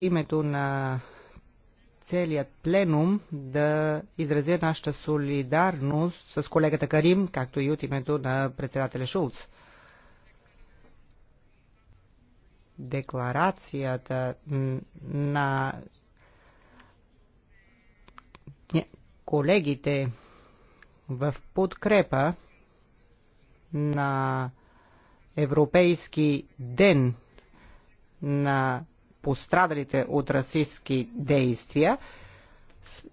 името на целият пленум да изразя нашата солидарност с колегата Карим, както и от името на председателя Шулц. Декларацията на колегите в подкрепа на Европейски ден на пострадалите от расистски действия.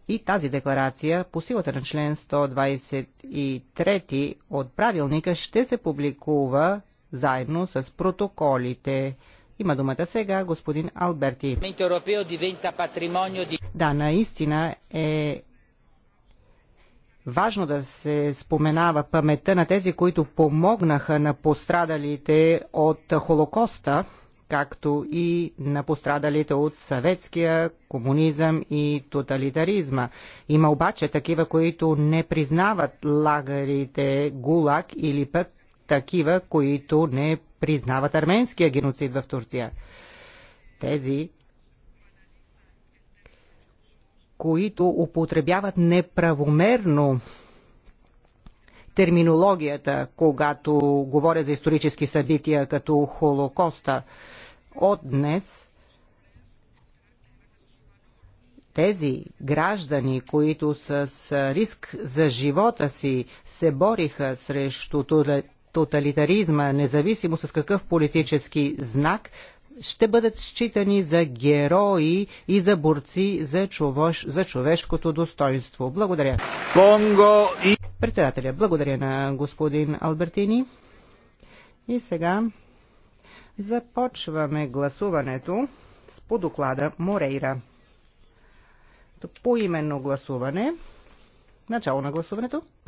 И тази декларация по силата на член 123 от правилника ще се публикува заедно с протоколите. Има думата сега господин Алберти. Да, наистина е важно да се споменава паметта на тези, които помогнаха на пострадалите от Холокоста както и на пострадалите от съветския комунизъм и тоталитаризма. Има обаче такива, които не признават лагерите ГУЛАГ или пък такива, които не признават арменския геноцид в Турция. Тези, които употребяват неправомерно терминологията, когато говоря за исторически събития като Холокоста. От днес тези граждани, които с риск за живота си се бориха срещу тоталитаризма, независимо с какъв политически знак, ще бъдат считани за герои и за борци за, човеш, за човешкото достоинство. Благодаря. и... Председателя, благодаря на господин Албертини. И сега започваме гласуването с по доклада Морейра. Поименно гласуване. Начало на гласуването.